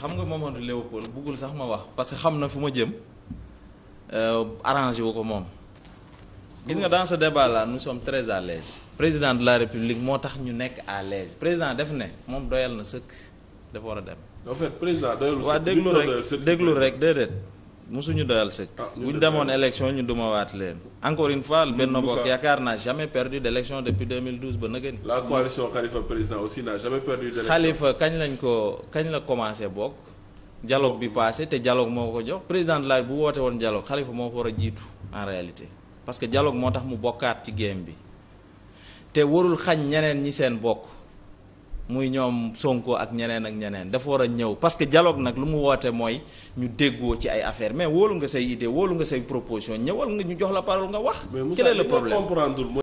xam nga moom Mamadou Léopold buggul sax ma wax parce que xam na fu ma jëm euh, arrangé wu ko moom. gis nga dans ce débat là nous sommes très à l'aise président de la république moo tax ñu nekk à l'aise président def ne moom doyal na sëkk dafa war a dem. en fait président doyalul sëkk waa déglu rek déglu rek déedéet. musuñu doyal sëkk. bu ah, ñu demoon élection ñu dumawaat leen. encore une fois Benno Bokk Yaakaar n'a jamais perdu d' élection depuis 2012 ba nëgëni. la coalition n'a jamais perdu d' élection. Khalifa kañ lañ ko kañ la commencé bokk. dialogue bi passé te dialogue moo ko jox président de la bu woote woon dialogue xalifa moo ko war a jiitu en réalité. parce que dialogue moo tax mu bokkaat ci game bi te warul xañ ñeneen ñi seen bokk. muy ñoom Sonko ak ñeneen ak ñeneen dafa war a ñëw parce que dialogue nag lu mu woote mooy ñu déggoo ci ay affaire mais wóolu nga say idée wóolu nga say proposition ñëwal nga ñu jox la parole nga wax. quel est le problème